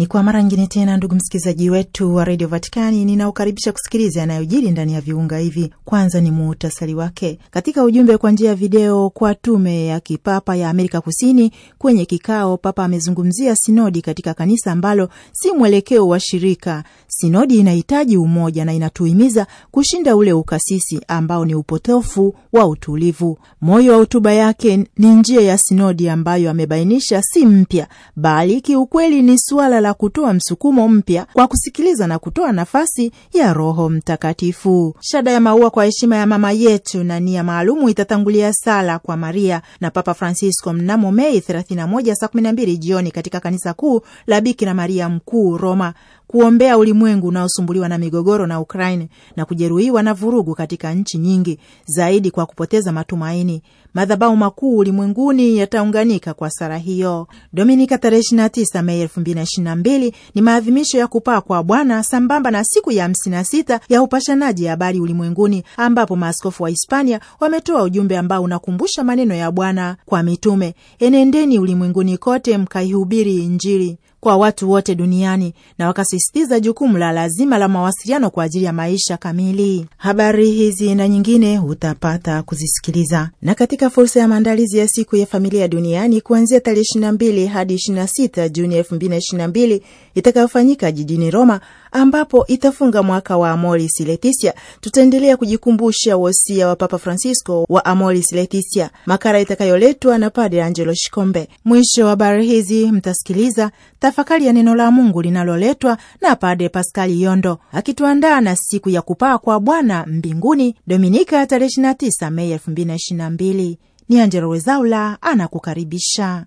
Ni kwa mara nyingine tena, ndugu msikilizaji wetu wa redio Vatikani, ninaokaribisha kusikiliza yanayojiri ndani ya viunga hivi. Kwanza ni muhtasari wake katika ujumbe kwa njia ya video kwa tume ya kipapa ya Amerika Kusini. Kwenye kikao, Papa amezungumzia sinodi katika kanisa ambalo si mwelekeo wa shirika. Sinodi inahitaji umoja na inatuhimiza kushinda ule ukasisi ambao ni upotofu wa utulivu. Moyo wa hotuba yake ni njia ya sinodi ambayo amebainisha si mpya, bali kiukweli ni suala la la kutoa msukumo mpya kwa kusikiliza na kutoa nafasi ya Roho Mtakatifu. Shada ya maua kwa heshima ya mama yetu na nia maalumu itatangulia sala kwa Maria na Papa Francisco mnamo Mei 31 saa 12 jioni katika kanisa kuu la Bikira Maria Mkuu, Roma, kuombea ulimwengu unaosumbuliwa na migogoro na Ukraine na kujeruhiwa na vurugu katika nchi nyingi zaidi kwa kupoteza matumaini madhabahu makuu ulimwenguni yataunganika kwa sala hiyo. Dominika tarehe 29 Mei 2022 ni maadhimisho ya kupaa kwa Bwana sambamba na siku ya 56 ya upashanaji habari ulimwenguni, ambapo maaskofu wa Hispania wametoa ujumbe ambao unakumbusha maneno ya Bwana kwa mitume: enendeni ulimwenguni kote mkaihubiri Injili kwa watu wote duniani na wakasisitiza jukumu la lazima la mawasiliano kwa ajili ya maisha kamili. Habari hizi na nyingine utapata kuzisikiliza na katika fursa ya maandalizi ya siku ya familia duniani kuanzia tarehe 22 hadi 26 Juni 2022 itakayofanyika jijini Roma ambapo itafunga mwaka wa Amoris Laetitia. Tutaendelea kujikumbusha wosia wa Papa Francisco wa Amoris Laetitia, makala itakayoletwa na Padre Angelo Shikombe. Mwisho wa habari hizi mtasikiliza tafakari ya neno la Mungu linaloletwa na Padre Paskali Yondo akituandaa na siku ya kupaa kwa Bwana mbinguni, Dominika tarehe 29 Mei 2022. Ni Angelo Wezaula anakukaribisha.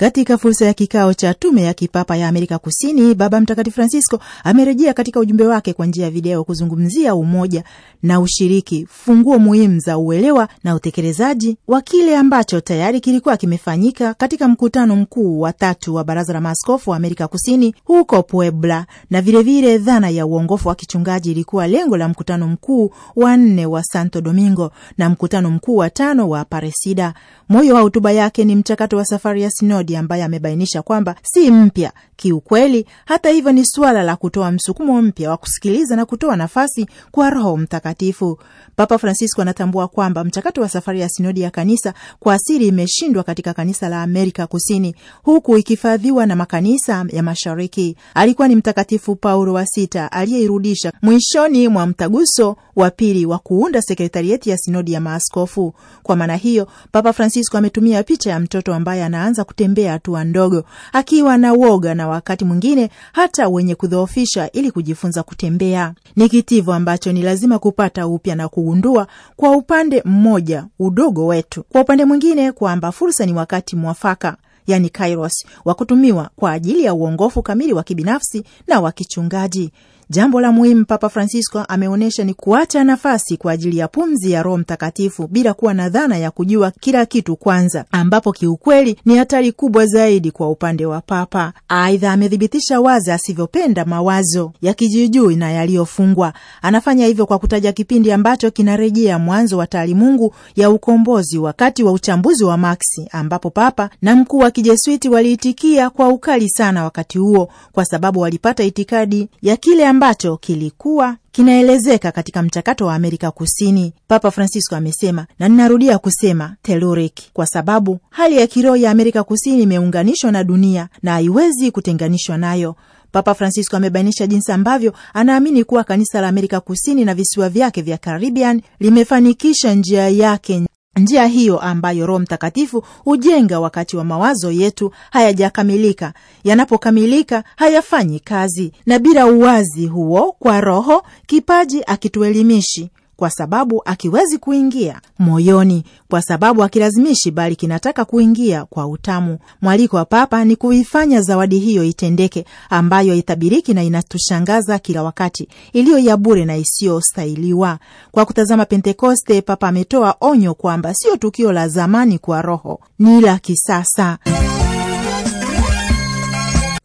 Katika fursa ya kikao cha tume ya kipapa ya Amerika Kusini, Baba Mtakatifu Francisco amerejea katika ujumbe wake kwa njia ya video kuzungumzia umoja na ushiriki, funguo muhimu za uelewa na utekelezaji wa kile ambacho tayari kilikuwa kimefanyika katika mkutano mkuu wa tatu wa Baraza la Maaskofu wa Amerika Kusini huko Puebla, na vilevile vile dhana ya uongofu wa kichungaji ilikuwa lengo la mkutano mkuu wa nne wa Santo Domingo na mkutano mkuu wa tano wa Paresida. Moyo wa hotuba yake ni mchakato wa safari ya sinodi Maghadi ambaye amebainisha kwamba si mpya kiukweli. Hata hivyo, ni suala la kutoa msukumo mpya wa kusikiliza na kutoa nafasi kwa Roho Mtakatifu. Papa Francisco anatambua kwamba mchakato wa safari ya sinodi ya kanisa kwa asili imeshindwa katika kanisa la Amerika Kusini, huku ikifadhiwa na makanisa ya Mashariki. Alikuwa ni Mtakatifu Paulo wa Sita aliyeirudisha mwishoni mwa mtaguso wa pili wa kuunda sekretarieti ya sinodi ya maaskofu. Kwa maana hiyo, Papa Francisco ametumia picha ya mtoto ambaye anaanza kutembea kutembea hatua ndogo, akiwa na woga na wakati mwingine hata wenye kudhoofisha, ili kujifunza kutembea. Ni kitivo ambacho ni lazima kupata upya na kugundua, kwa upande mmoja udogo wetu, kwa upande mwingine kwamba fursa ni wakati mwafaka yani kairos wa kutumiwa kwa ajili ya uongofu kamili wa kibinafsi na wa kichungaji. Jambo la muhimu Papa Francisco ameonyesha ni kuacha nafasi kwa ajili ya pumzi ya Roho Mtakatifu bila kuwa na dhana ya kujua kila kitu kwanza, ambapo kiukweli ni hatari kubwa zaidi kwa upande wa Papa. Aidha, amethibitisha wazi asivyopenda mawazo ya kijijui na yaliyofungwa. Anafanya hivyo kwa kutaja kipindi ambacho kinarejea mwanzo wa taalimungu ya ukombozi wakati wa uchambuzi wa Maksi, ambapo Papa na mkuu wa kijesuiti waliitikia kwa ukali sana wakati huo, kwa sababu walipata itikadi ya kile ambacho kilikuwa kinaelezeka katika mchakato wa Amerika Kusini. Papa Francisco amesema, na ninarudia kusema telluric, kwa sababu hali ya kiroho ya Amerika Kusini imeunganishwa na dunia na haiwezi kutenganishwa nayo. Papa Francisco amebainisha jinsi ambavyo anaamini kuwa kanisa la Amerika Kusini na visiwa vyake vya Caribbean limefanikisha njia yake Njia hiyo ambayo Roho Mtakatifu hujenga wakati wa mawazo yetu hayajakamilika, yanapokamilika hayafanyi kazi, na bila uwazi huo kwa Roho kipaji akituelimishi kwa sababu akiwezi kuingia moyoni, kwa sababu akilazimishi, bali kinataka kuingia kwa utamu. Mwaliko wa Papa ni kuifanya zawadi hiyo itendeke, ambayo itabiriki na inatushangaza kila wakati, iliyo ya bure na isiyostahiliwa. Kwa kutazama Pentekoste, Papa ametoa onyo kwamba sio tukio la zamani kwa Roho, ni la kisasa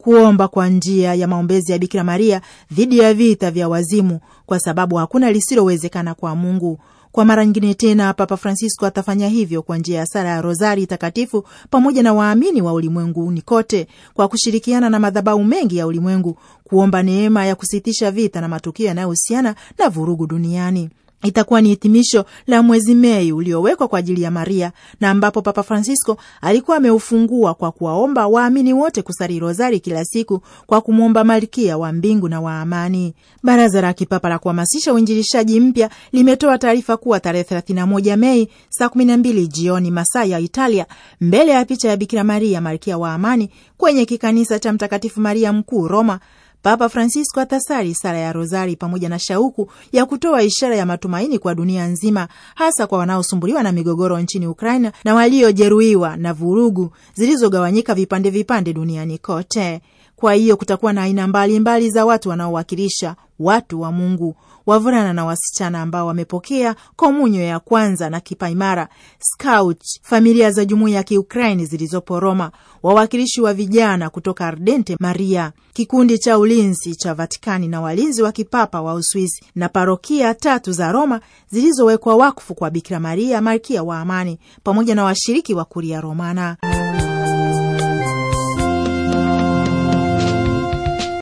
kuomba kwa njia ya maombezi ya Bikira Maria dhidi ya vita vya wazimu, kwa sababu hakuna lisilowezekana kwa Mungu. Kwa mara nyingine tena, Papa Francisco atafanya hivyo kwa njia ya sala ya Rozari Takatifu pamoja na waamini wa ulimwenguni kote, kwa kushirikiana na madhabahu mengi ya ulimwengu kuomba neema ya kusitisha vita na matukio yanayohusiana na vurugu duniani itakuwa ni hitimisho la mwezi Mei uliowekwa kwa ajili ya Maria na ambapo Papa Francisco alikuwa ameufungua kwa kuwaomba waamini wote kusali rozari kila siku kwa kumwomba Malkia wa mbingu na wa amani. Baraza la Kipapa la kuhamasisha uinjilishaji mpya limetoa taarifa kuwa tarehe 31 Mei saa 12 jioni masaa ya Italia, mbele ya picha ya Bikira Maria Malkia wa amani kwenye kikanisa cha Mtakatifu Maria Mkuu Roma Papa Francisco atasali sala ya Rozari pamoja na shauku ya kutoa ishara ya matumaini kwa dunia nzima, hasa kwa wanaosumbuliwa na migogoro nchini Ukraina na waliojeruhiwa na vurugu zilizogawanyika vipande vipande duniani kote. Kwa hiyo kutakuwa na aina mbalimbali za watu wanaowakilisha watu wa Mungu, wavulana na wasichana ambao wamepokea komunyo ya kwanza na kipaimara, scout, familia za jumuiya ya Kiukraini zilizopo Roma, wawakilishi wa vijana kutoka Ardente Maria, kikundi cha ulinzi cha Vatikani na walinzi wa kipapa wa Uswisi na parokia tatu za Roma zilizowekwa wakfu kwa Bikira Maria, malkia wa amani, pamoja na washiriki wa Kuria Romana.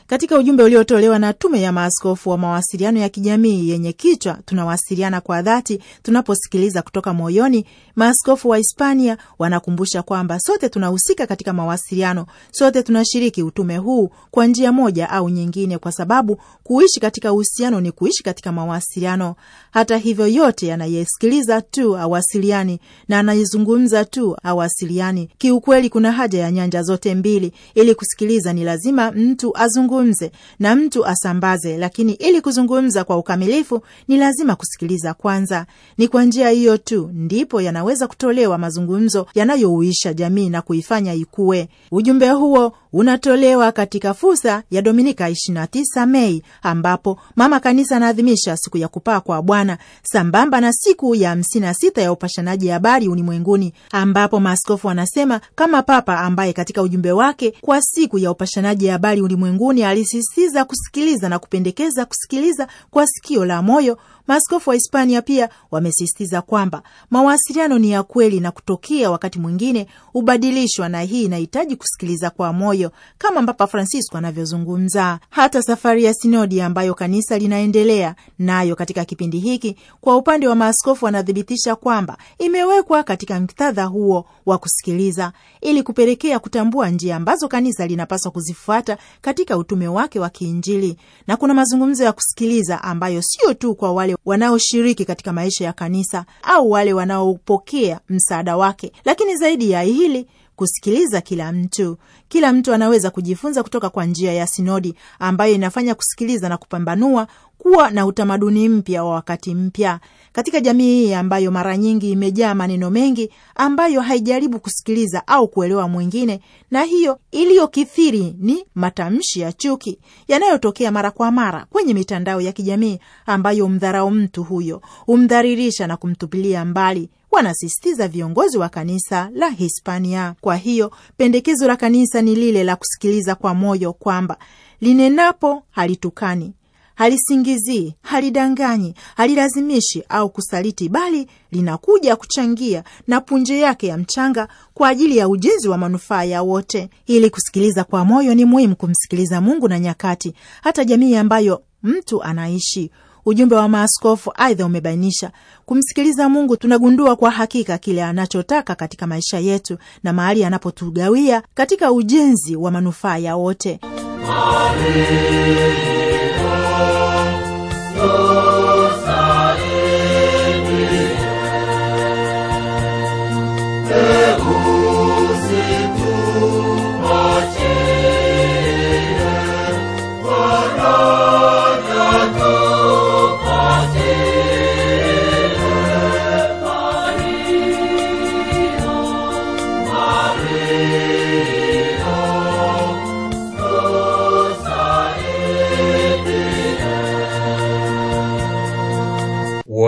Katika ujumbe uliotolewa na Tume ya Maaskofu wa mawasiliano ya kijamii yenye kichwa tunawasiliana kwa dhati tunaposikiliza kutoka moyoni, maaskofu wa Hispania wanakumbusha kwamba sote tunahusika katika mawasiliano, sote tunashiriki utume huu kwa njia moja au nyingine, kwa sababu kuishi katika uhusiano ni kuishi katika mawasiliano. Hata hivyo, yote anayesikiliza tu awasiliani na anayezungumza tu awasiliani. Kiukweli, kuna haja ya nyanja zote mbili. Ili kusikiliza, ni lazima mtu azungumze azungumze na mtu asambaze, lakini ili kuzungumza kwa ukamilifu ni lazima kusikiliza kwanza. Ni kwa njia hiyo tu ndipo yanaweza kutolewa mazungumzo yanayouisha jamii na kuifanya ikue. Ujumbe huo unatolewa katika fursa ya Dominika 29 Mei ambapo Mama Kanisa anaadhimisha siku ya kupaa kwa Bwana sambamba na siku ya 56 ya upashanaji habari ulimwenguni, ambapo maaskofu wanasema kama Papa ambaye katika ujumbe wake kwa siku ya upashanaji habari ulimwenguni alisisitiza kusikiliza na kupendekeza kusikiliza kwa sikio la moyo Maaskofu wa Hispania pia wamesisitiza kwamba mawasiliano ni ya kweli na kutokea wakati mwingine hubadilishwa, na hii inahitaji kusikiliza kwa moyo, kama Papa Francisco anavyozungumza. Hata safari ya sinodi ambayo kanisa linaendelea nayo katika kipindi hiki, kwa upande wa maaskofu, wanathibitisha kwamba imewekwa katika mktadha huo wa kusikiliza, ili kupelekea kutambua njia ambazo kanisa linapaswa kuzifuata katika utume wake wa kiinjili, na kuna mazungumzo ya kusikiliza ambayo sio tu kwa wale wanaoshiriki katika maisha ya kanisa au wale wanaopokea msaada wake, lakini zaidi ya hili kusikiliza kila mtu. Kila mtu anaweza kujifunza kutoka kwa njia ya sinodi ambayo inafanya kusikiliza na kupambanua kuwa na utamaduni mpya wa wakati mpya katika jamii hii ambayo mara nyingi imejaa maneno mengi ambayo haijaribu kusikiliza au kuelewa mwingine, na hiyo iliyokithiri ni matamshi ya chuki yanayotokea mara kwa mara kwenye mitandao ya kijamii ambayo mdharau mtu huyo, umdharirisha na kumtupilia mbali wanasisitiza viongozi wa kanisa la Hispania. Kwa hiyo pendekezo la kanisa ni lile la kusikiliza kwa moyo kwamba linenapo halitukani, halisingizii, halidanganyi, halilazimishi au kusaliti, bali linakuja kuchangia na punje yake ya mchanga kwa ajili ya ujenzi wa manufaa ya wote. Ili kusikiliza kwa moyo, ni muhimu kumsikiliza Mungu na nyakati, hata jamii ambayo mtu anaishi. Ujumbe wa maaskofu aidha umebainisha kumsikiliza Mungu, tunagundua kwa hakika kile anachotaka katika maisha yetu na mahali anapotugawia katika ujenzi wa manufaa ya wote.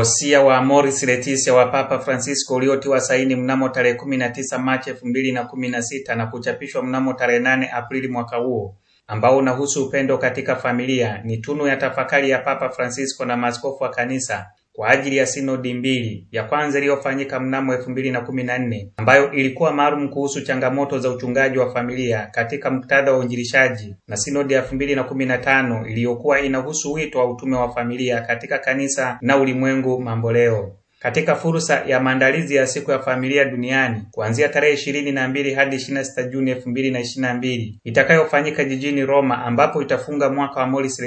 Wasia wa Amoris Laetitia wa Papa Francisco uliotiwa saini mnamo tarehe kumi na tisa Machi elfu mbili na kumi na sita na kuchapishwa mnamo tarehe nane Aprili mwaka huo ambao unahusu upendo katika familia ni tunu ya tafakari ya Papa Francisco na maaskofu wa Kanisa kwa ajili ya sinodi mbili, ya kwanza iliyofanyika mnamo 2014 ambayo ilikuwa maalum kuhusu changamoto za uchungaji wa familia katika muktadha wa uinjilishaji na sinodi ya 2015 iliyokuwa inahusu wito wa utume wa familia katika kanisa na ulimwengu mamboleo Katika fursa ya maandalizi ya siku ya familia duniani kuanzia tarehe 22 hadi 26 Juni 2022 itakayofanyika jijini Roma ambapo itafunga mwaka wa Moris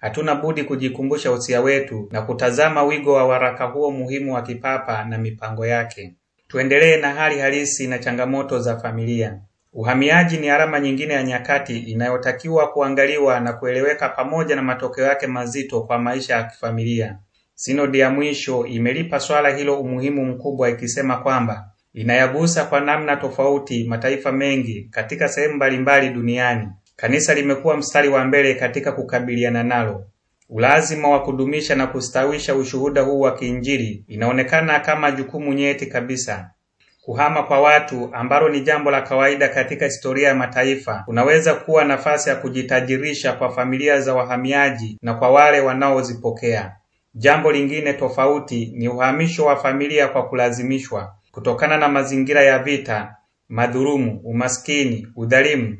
Hatuna budi kujikumbusha usia wetu na kutazama wigo wa waraka huo muhimu wa kipapa na mipango yake. Tuendelee na hali halisi na changamoto za familia. Uhamiaji ni alama nyingine ya nyakati inayotakiwa kuangaliwa na kueleweka pamoja na matokeo yake mazito kwa maisha ya kifamilia. Sinodi ya mwisho imelipa swala hilo umuhimu mkubwa ikisema kwamba inayagusa kwa namna tofauti mataifa mengi katika sehemu mbalimbali duniani. Kanisa limekuwa mstari wa mbele katika kukabiliana nalo. Ulazima wa kudumisha na kustawisha ushuhuda huu wa kiinjili inaonekana kama jukumu nyeti kabisa. Kuhama kwa watu ambalo ni jambo la kawaida katika historia ya mataifa unaweza kuwa nafasi ya kujitajirisha kwa familia za wahamiaji na kwa wale wanaozipokea. Jambo lingine tofauti ni uhamisho wa familia kwa kulazimishwa kutokana na mazingira ya vita, madhulumu, umaskini, udhalimu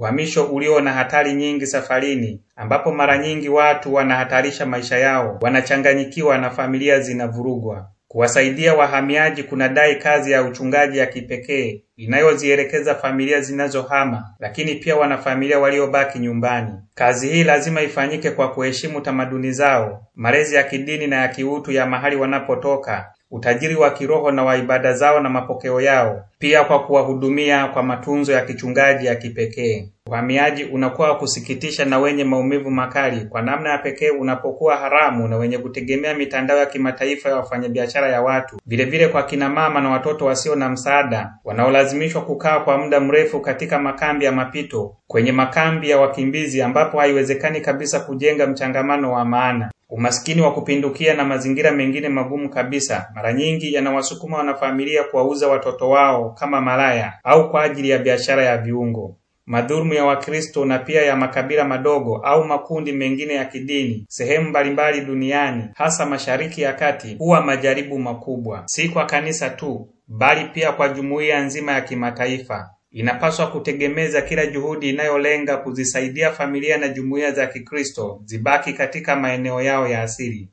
uhamisho ulio na hatari nyingi safarini, ambapo mara nyingi watu wanahatarisha maisha yao, wanachanganyikiwa na familia zinavurugwa. Kuwasaidia wahamiaji kunadai kazi ya uchungaji ya kipekee inayozielekeza familia zinazohama, lakini pia wanafamilia waliobaki nyumbani. Kazi hii lazima ifanyike kwa kuheshimu tamaduni zao, malezi ya kidini na ya kiutu ya mahali wanapotoka, utajiri wa kiroho na wa ibada zao na mapokeo yao, pia kwa kuwahudumia kwa matunzo ya kichungaji ya kipekee. Uhamiaji unakuwa wa kusikitisha na wenye maumivu makali kwa namna ya pekee unapokuwa haramu na wenye kutegemea mitandao ya kimataifa ya wafanyabiashara ya watu, vilevile kwa kina mama na watoto wasio na msaada wanaolazimishwa kukaa kwa muda mrefu katika makambi ya mapito, kwenye makambi ya wakimbizi ambapo haiwezekani kabisa kujenga mchangamano wa maana. Umaskini wa kupindukia na mazingira mengine magumu kabisa mara nyingi yanawasukuma wanafamilia kuwauza watoto wao kama malaya au kwa ajili ya biashara ya viungo madhulumu ya Wakristo na pia ya makabila madogo au makundi mengine ya kidini sehemu mbalimbali duniani hasa Mashariki ya Kati huwa majaribu makubwa, si kwa kanisa tu, bali pia kwa jumuiya nzima ya kimataifa. Inapaswa kutegemeza kila juhudi inayolenga kuzisaidia familia na jumuiya za Kikristo zibaki katika maeneo yao ya asili.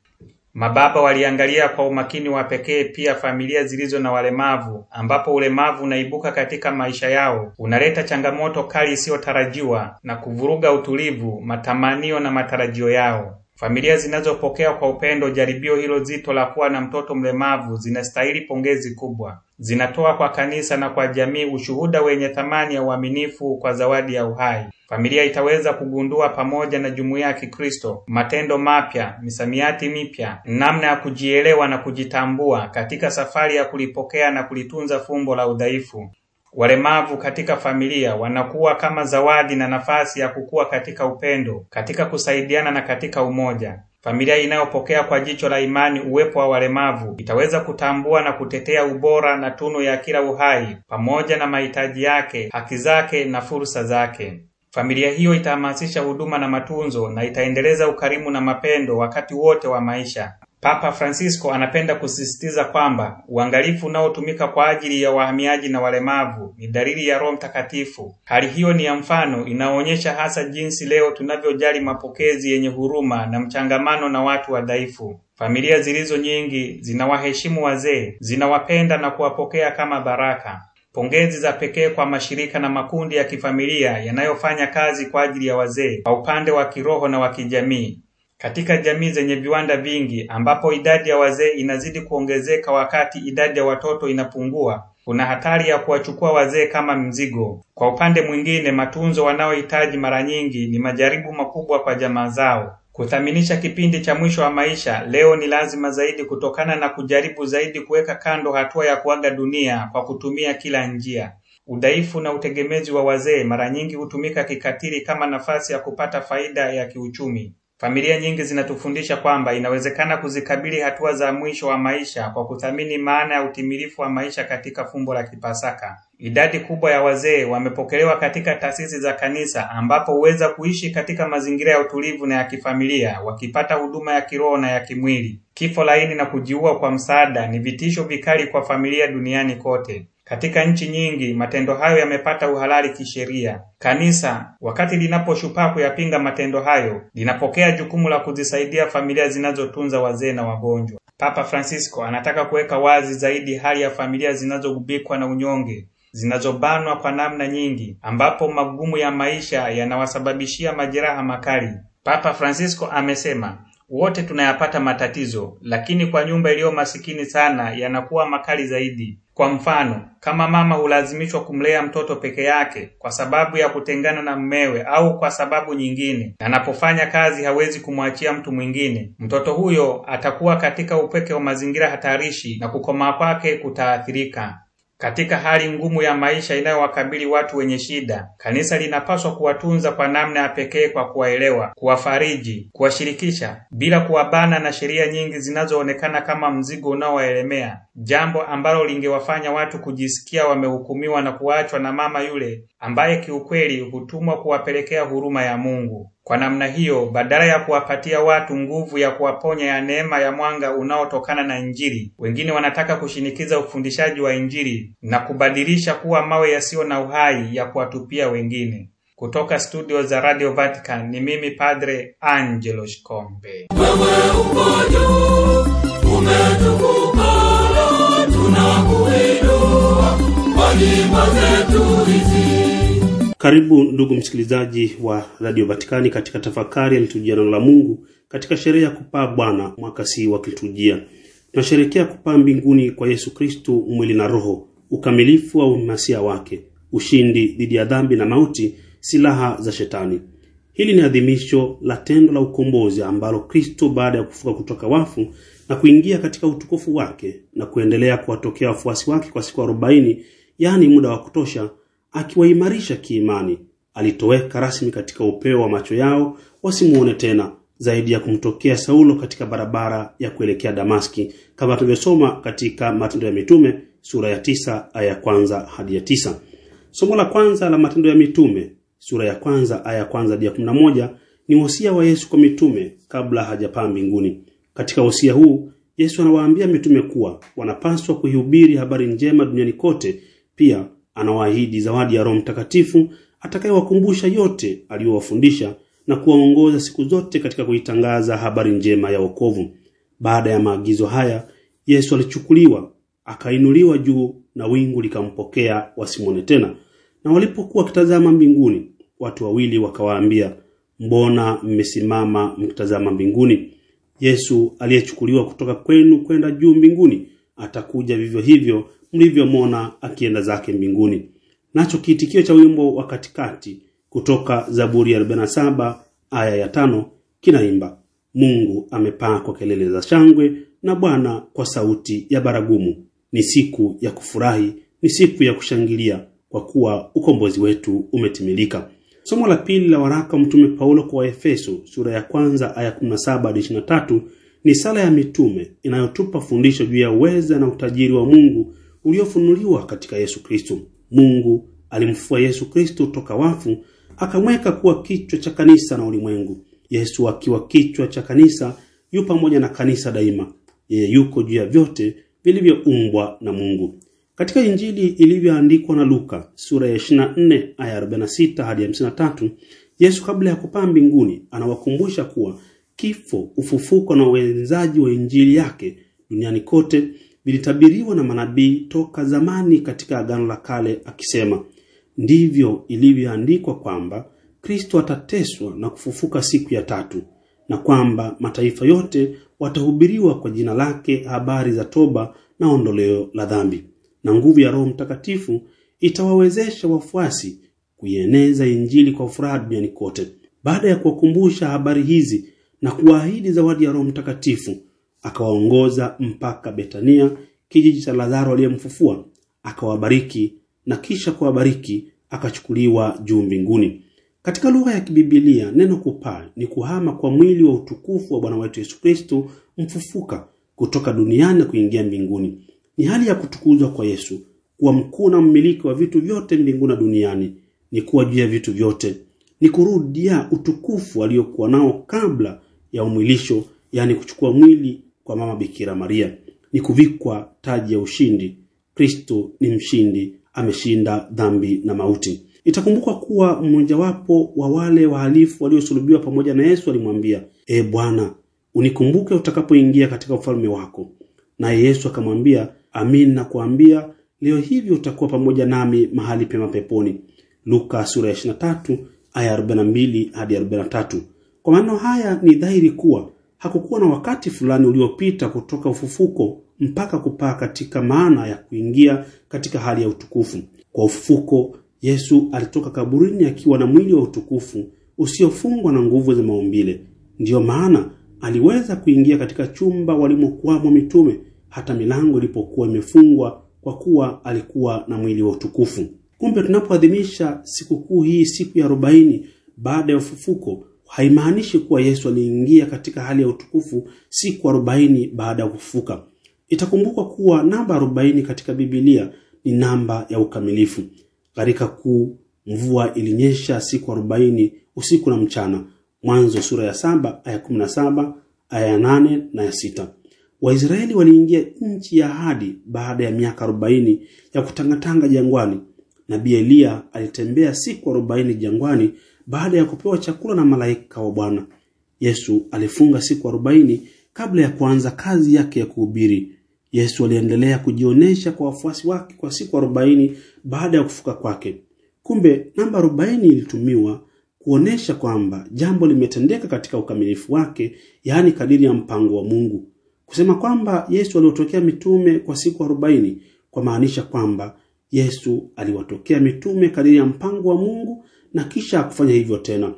Mababa waliangalia kwa umakini wa pekee pia familia zilizo na walemavu ambapo ulemavu unaibuka katika maisha yao, unaleta changamoto kali isiyotarajiwa na kuvuruga utulivu, matamanio na matarajio yao. Familia zinazopokea kwa upendo jaribio hilo zito la kuwa na mtoto mlemavu zinastahili pongezi kubwa. Zinatoa kwa kanisa na kwa jamii ushuhuda wenye thamani ya uaminifu kwa zawadi ya uhai. Familia itaweza kugundua pamoja na jumuiya ya Kikristo matendo mapya, misamiati mipya, namna ya kujielewa na kujitambua katika safari ya kulipokea na kulitunza fumbo la udhaifu. Walemavu katika familia wanakuwa kama zawadi na nafasi ya kukua katika upendo, katika kusaidiana na katika umoja. Familia inayopokea kwa jicho la imani uwepo wa walemavu itaweza kutambua na kutetea ubora na tunu ya kila uhai pamoja na mahitaji yake, haki zake na fursa zake. Familia hiyo itahamasisha huduma na matunzo na itaendeleza ukarimu na mapendo wakati wote wa maisha. Papa Francisco anapenda kusisitiza kwamba uangalifu unaotumika kwa ajili ya wahamiaji na walemavu ni dalili ya Roho Mtakatifu. Hali hiyo ni ya mfano inaonyesha hasa jinsi leo tunavyojali mapokezi yenye huruma na mchangamano na watu wadhaifu. Familia zilizo nyingi zinawaheshimu wazee, zinawapenda na kuwapokea kama baraka. Pongezi za pekee kwa mashirika na makundi ya kifamilia yanayofanya kazi kwa ajili ya wazee kwa upande wa kiroho na wa kijamii. Katika jamii zenye viwanda vingi ambapo idadi ya wazee inazidi kuongezeka wakati idadi ya watoto inapungua, kuna hatari ya kuwachukua wazee kama mzigo. Kwa upande mwingine, matunzo wanaohitaji mara nyingi ni majaribu makubwa kwa jamaa zao. Kuthaminisha kipindi cha mwisho wa maisha leo ni lazima zaidi kutokana na kujaribu zaidi kuweka kando hatua ya kuaga dunia kwa kutumia kila njia. Udhaifu na utegemezi wa wazee mara nyingi hutumika kikatili kama nafasi ya kupata faida ya kiuchumi. Familia nyingi zinatufundisha kwamba inawezekana kuzikabili hatua za mwisho wa maisha kwa kuthamini maana ya utimilifu wa maisha katika fumbo la Kipasaka. Idadi kubwa ya wazee wamepokelewa katika taasisi za kanisa ambapo huweza kuishi katika mazingira ya utulivu na ya kifamilia wakipata huduma ya kiroho na ya kimwili. Kifo laini na kujiua kwa msaada ni vitisho vikali kwa familia duniani kote. Katika nchi nyingi matendo hayo yamepata uhalali kisheria. Kanisa wakati linaposhupaa kuyapinga matendo hayo, linapokea jukumu la kuzisaidia familia zinazotunza wazee na wagonjwa. Papa Francisco anataka kuweka wazi zaidi hali ya familia zinazogubikwa na unyonge, zinazobanwa kwa namna nyingi, ambapo magumu ya maisha yanawasababishia majeraha makali. Papa Francisco amesema wote tunayapata matatizo, lakini kwa nyumba iliyo masikini sana yanakuwa makali zaidi. Kwa mfano, kama mama hulazimishwa kumlea mtoto peke yake kwa sababu ya kutengana na mmewe au kwa sababu nyingine, anapofanya kazi hawezi kumwachia mtu mwingine, mtoto huyo atakuwa katika upweke wa mazingira hatarishi na kukomaa kwake kutaathirika. Katika hali ngumu ya maisha inayowakabili watu wenye shida, kanisa linapaswa kuwatunza kwa namna ya pekee kwa kuwaelewa, kuwafariji, kuwashirikisha bila kuwabana na sheria nyingi zinazoonekana kama mzigo unaowaelemea jambo ambalo lingewafanya watu kujisikia wamehukumiwa na kuachwa na mama yule ambaye kiukweli hutumwa kuwapelekea huruma ya Mungu. Kwa namna hiyo, badala ya kuwapatia watu nguvu ya kuwaponya ya neema ya mwanga unaotokana na Injili, wengine wanataka kushinikiza ufundishaji wa Injili na kubadilisha kuwa mawe yasiyo na uhai ya kuwatupia wengine. Kutoka studio za Radio Vatican ni mimi Padre Angelo Shikombe. Wewe uko karibu ndugu msikilizaji wa Radio Vatikani katika tafakari ya liturujia neno la Mungu katika sherehe ya kupaa Bwana mwaka si wa kiliturujia. Tunasherekea kupaa mbinguni kwa Yesu kristu mwili na roho, ukamilifu wa umasia wake, ushindi dhidi ya dhambi na mauti, silaha za shetani. Hili ni adhimisho la tendo la ukombozi ambalo Kristo baada ya kufuka kutoka wafu na kuingia katika utukufu wake na kuendelea kuwatokea wafuasi wake kwa siku 40 yaani muda wa kutosha, akiwaimarisha kiimani, alitoweka rasmi katika upeo wa macho yao wasimuone tena, zaidi ya kumtokea Saulo katika barabara ya kuelekea Damaski, kama tulivyosoma katika Matendo ya Mitume sura ya tisa aya ya kwanza hadi ya tisa. Somo la kwanza la Matendo ya Mitume sura ya kwanza aya kwanza hadi ya moja ni wosia wa Yesu kwa mitume kabla hajapaa mbinguni. Katika wosia huu Yesu anawaambia mitume kuwa wanapaswa kuihubiri habari njema duniani kote. Pia anawaahidi zawadi ya Roho Mtakatifu atakayewakumbusha yote aliyowafundisha na kuwaongoza siku zote katika kuitangaza habari njema ya wokovu. Baada ya maagizo haya, Yesu alichukuliwa akainuliwa juu na wingu likampokea, wasimwone tena. Na walipokuwa wakitazama mbinguni, watu wawili wakawaambia, mbona mmesimama mkitazama mbinguni? Yesu aliyechukuliwa kutoka kwenu kwenda juu mbinguni atakuja vivyo hivyo mlivyomwona akienda zake mbinguni. Nacho kiitikio cha wimbo wa katikati kutoka Zaburi ya 47 aya ya tano kinaimba Mungu amepaa kwa kelele za shangwe na Bwana kwa sauti ya baragumu. Ni siku ya kufurahi, ni siku ya kushangilia, kwa kuwa ukombozi wetu umetimilika. Somo la pili la waraka Mtume Paulo kwa Waefeso sura ya kwanza aya 17 hadi 23 ni sala ya mitume inayotupa fundisho juu ya uweza na utajiri wa Mungu uliofunuliwa katika Yesu Kristo. Mungu alimfua Yesu Kristo toka wafu, akamweka kuwa kichwa cha kanisa na ulimwengu. Yesu akiwa kichwa cha kanisa, yu pamoja na kanisa daima. Yeye yuko juu ya vyote vilivyoumbwa na Mungu. Katika Injili ilivyoandikwa na Luka sura ya 24 aya 46 hadi 53, Yesu kabla ya kupaa mbinguni anawakumbusha kuwa kifo, ufufuko na uenzaji wa injili yake duniani kote vilitabiriwa na manabii toka zamani katika Agano la Kale, akisema ndivyo ilivyoandikwa kwamba Kristo atateswa na kufufuka siku ya tatu, na kwamba mataifa yote watahubiriwa kwa jina lake habari za toba na ondoleo la dhambi na nguvu ya Roho Mtakatifu itawawezesha wafuasi kuieneza Injili kwa furaha duniani kote. Baada ya kuwakumbusha habari hizi na kuwaahidi zawadi ya Roho Mtakatifu, akawaongoza mpaka Betania, kijiji cha Lazaro aliyemfufua, akawabariki na kisha kuwabariki akachukuliwa juu mbinguni. Katika lugha ya kibibilia neno kupaa ni kuhama kwa mwili wa utukufu wa Bwana wetu Yesu Kristo mfufuka kutoka duniani na kuingia mbinguni. Ni hali ya kutukuzwa kwa Yesu kuwa mkuu na mmiliki wa vitu vyote mbinguni na duniani, ni kuwa juu ya vitu vyote, ni kurudia utukufu aliokuwa nao kabla ya umwilisho, yani kuchukua mwili kwa mama Bikira Maria, ni kuvikwa taji ya ushindi. Kristo ni mshindi, ameshinda dhambi na mauti. Itakumbukwa kuwa mmojawapo wa wale wahalifu waliosulubiwa pamoja na Yesu alimwambia, E Bwana, unikumbuke utakapoingia katika ufalme wako. Naye Yesu akamwambia, Amin na kuambia leo hivi utakuwa pamoja nami mahali pema peponi. Luka sura ya 23 aya 42 hadi 43. Kwa maneno haya ni dhahiri kuwa hakukuwa na wakati fulani uliopita kutoka ufufuko mpaka kupaa katika maana ya kuingia katika hali ya utukufu. Kwa ufufuko Yesu alitoka kaburini akiwa na mwili wa utukufu usiofungwa na nguvu za maumbile. Ndiyo maana aliweza kuingia katika chumba walimokuwamo mitume hata milango ilipokuwa imefungwa kwa kuwa alikuwa na mwili wa utukufu. Kumbe tunapoadhimisha sikukuu hii siku ya arobaini baada ya ufufuko, haimaanishi kuwa Yesu aliingia katika hali ya utukufu siku arobaini baada ya kufufuka. Itakumbukwa kuwa namba arobaini katika Biblia ni namba ya ukamilifu. Gharika kuu, mvua ilinyesha siku arobaini usiku na mchana. Mwanzo sura ya saba aya kumi na saba aya ya nane na ya sita. Waisraeli waliingia nchi ya ahadi baada ya miaka 40 ya kutangatanga jangwani. Nabii Eliya alitembea siku 40 jangwani baada ya kupewa chakula na malaika wa Bwana. Yesu alifunga siku 40 kabla ya kuanza kazi yake ya kuhubiri. Yesu aliendelea kujionyesha kwa wafuasi wake kwa siku 40 baada ya kufuka kwake. Kumbe namba 40 ilitumiwa kuonesha kwamba jambo limetendeka katika ukamilifu wake, yaani kadiri ya mpango wa Mungu. Kusema kwamba Yesu aliwatokea mitume kwa siku arobaini kwa maanisha kwamba Yesu aliwatokea mitume kadiri ya mpango wa Mungu na kisha akufanya hivyo tena.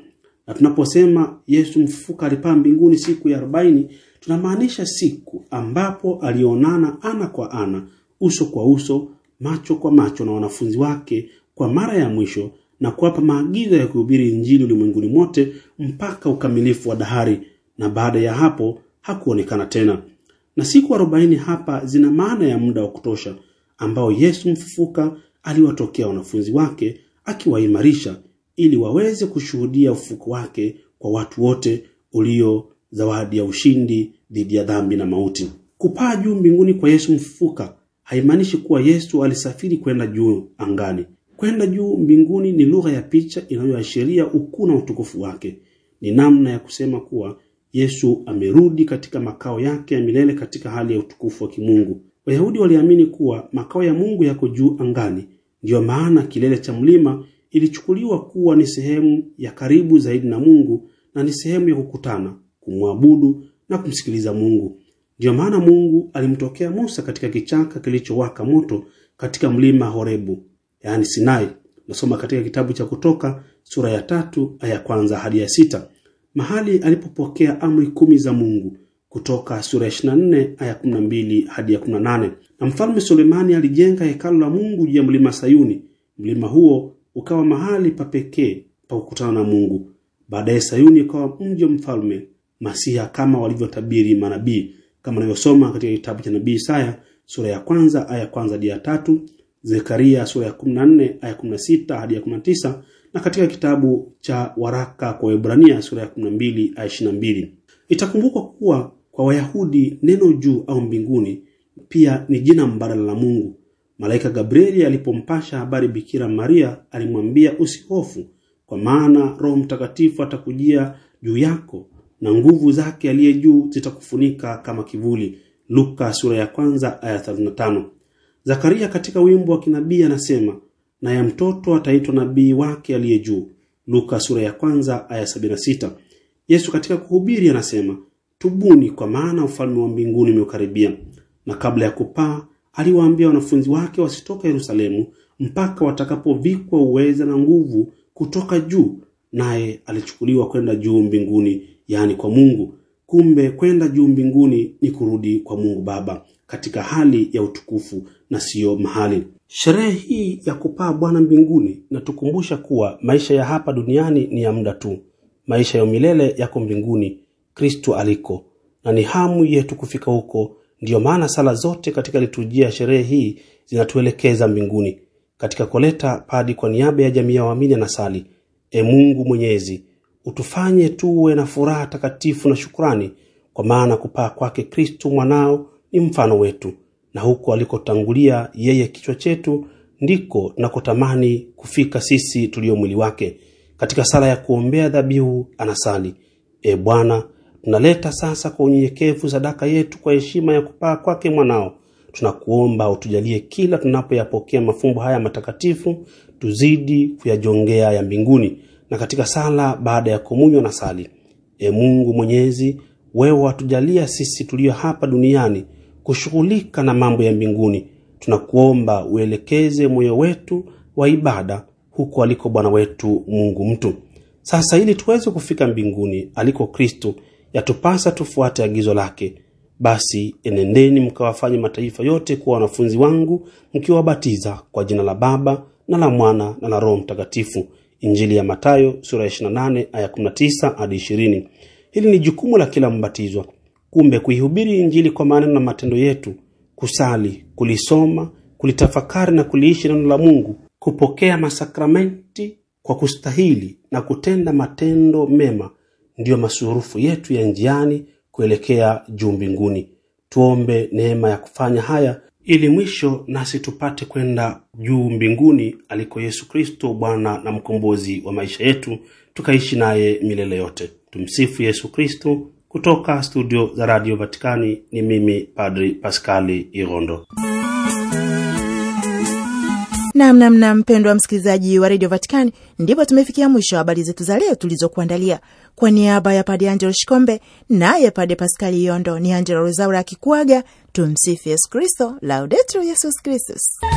Na tunaposema Yesu mfufuka alipaa mbinguni siku ya arobaini, tunamaanisha siku ambapo alionana ana kwa ana, uso kwa uso, macho kwa macho na wanafunzi wake kwa mara ya mwisho na kuwapa maagizo ya kuhubiri Injili ulimwenguni mote mpaka ukamilifu wa dahari, na baada ya hapo hakuonekana tena na siku arobaini hapa zina maana ya muda wa kutosha ambao Yesu mfufuka aliwatokea wanafunzi wake akiwaimarisha ili waweze kushuhudia ufufuko wake kwa watu wote ulio zawadi ya ushindi dhidi ya dhambi na mauti. Kupaa juu mbinguni kwa Yesu mfufuka haimaanishi kuwa Yesu alisafiri kwenda juu angani. Kwenda juu mbinguni ni lugha ya picha inayoashiria ukuu na utukufu wake. Ni namna ya kusema kuwa Yesu amerudi katika makao yake ya milele katika hali ya utukufu wa kimungu. Wayahudi waliamini kuwa makao ya Mungu yako juu angani, ndiyo maana kilele cha mlima ilichukuliwa kuwa ni sehemu ya karibu zaidi na Mungu na ni sehemu ya kukutana, kumwabudu na kumsikiliza Mungu. Ndiyo maana Mungu alimtokea Musa katika kichaka kilichowaka moto katika mlima Horebu, yaani Sinai. Nasoma katika kitabu cha Kutoka sura ya tatu aya kwanza hadi ya sita mahali alipopokea amri kumi za Mungu kutoka sura ya 24 aya 12 hadi ya 18. Na mfalme Sulemani alijenga hekalu la Mungu juu ya mlima Sayuni. Mlima huo ukawa mahali pa pekee pa kukutana na Mungu. Baadaye Sayuni ukawa mji wa mfalme Masiha kama walivyotabiri manabii, kama anavyosoma katika kitabu cha nabii Isaya sura ya kwanza aya kwanza hadi ya tatu, Zekaria sura ya 14 aya 16 hadi ya na katika kitabu cha waraka kwa Waebrania sura ya 12 aya 22. Itakumbukwa kuwa kwa Wayahudi neno juu au mbinguni pia ni jina mbadala la Mungu. Malaika Gabrieli alipompasha habari Bikira Maria, alimwambia usihofu, kwa maana Roho Mtakatifu atakujia juu yako na nguvu zake aliye juu zitakufunika kama kivuli. Luka sura ya kwanza aya 35. Zakaria katika wimbo wa kinabii anasema na ya mtoto ataitwa nabii wake aliye juu. Luka sura ya kwanza aya sita. Yesu katika kuhubiri anasema, "Tubuni kwa maana ufalme wa mbinguni umeukaribia." Na kabla ya kupaa, aliwaambia wanafunzi wake wasitoka Yerusalemu mpaka watakapovikwa uweza na nguvu kutoka juu, naye alichukuliwa kwenda juu mbinguni, yaani kwa Mungu. Kumbe kwenda juu mbinguni ni kurudi kwa Mungu Baba katika hali ya utukufu na siyo mahali. Sherehe hii ya kupaa Bwana mbinguni natukumbusha kuwa maisha ya hapa duniani ni ya muda tu. Maisha ya milele yako mbinguni, Kristo aliko, na ni hamu yetu kufika huko. Ndiyo maana sala zote katika liturujia ya sherehe hii zinatuelekeza mbinguni. Katika koleta, padi kwa niaba ya jamii ya waamini anasali: E Mungu Mwenyezi, utufanye tuwe na furaha takatifu na shukrani, kwa maana kupaa kwake Kristo mwanao ni mfano wetu na huko alikotangulia yeye kichwa chetu ndiko nakotamani kufika sisi tulio mwili wake. Katika sala ya kuombea dhabihu anasali, E Bwana, tunaleta sasa kwa unyenyekevu sadaka yetu kwa heshima ya kupaa kwake mwanao. Tunakuomba utujalie kila tunapoyapokea mafumbo haya matakatifu tuzidi kuyajongea ya mbinguni. Na katika sala baada ya komunywa na sali, E Mungu Mwenyezi, wewe watujalia sisi tulio hapa duniani kushughulika na mambo ya mbinguni. Tunakuomba uelekeze moyo wetu wa ibada huko aliko Bwana wetu Mungu mtu. Sasa ili tuweze kufika mbinguni aliko Kristo, yatupasa tufuate agizo lake. Basi enendeni mkawafanye mataifa yote kuwa wanafunzi wangu, mkiwabatiza kwa jina la Baba na la Mwana na la Roho Mtakatifu. Injili ya Matayo sura 28 aya 19 hadi 20. Hili ni jukumu la kila mbatizwa Kumbe kuihubiri Injili kwa maneno na matendo yetu, kusali, kulisoma, kulitafakari na kuliishi neno la Mungu, kupokea masakramenti kwa kustahili na kutenda matendo mema, ndiyo masurufu yetu ya njiani kuelekea juu mbinguni. Tuombe neema ya kufanya haya ili mwisho nasi tupate kwenda juu mbinguni aliko Yesu Kristo, Bwana na mkombozi wa maisha yetu, tukaishi naye milele yote. Tumsifu Yesu Kristo. Kutoka studio za Radio Vatikani ni mimi Padri Paskali Irondo. Namnamna mpendwa msikilizaji wa redio Vatikani, ndipo tumefikia mwisho wa habari zetu za leo tulizokuandalia. Kwa niaba ya Pade Angelo Shikombe naye Pade Paskali Yondo, ni Angelo Rezaura akikuaga. Tumsifu Yesu Kristo, Laudetur Yesus Kristus.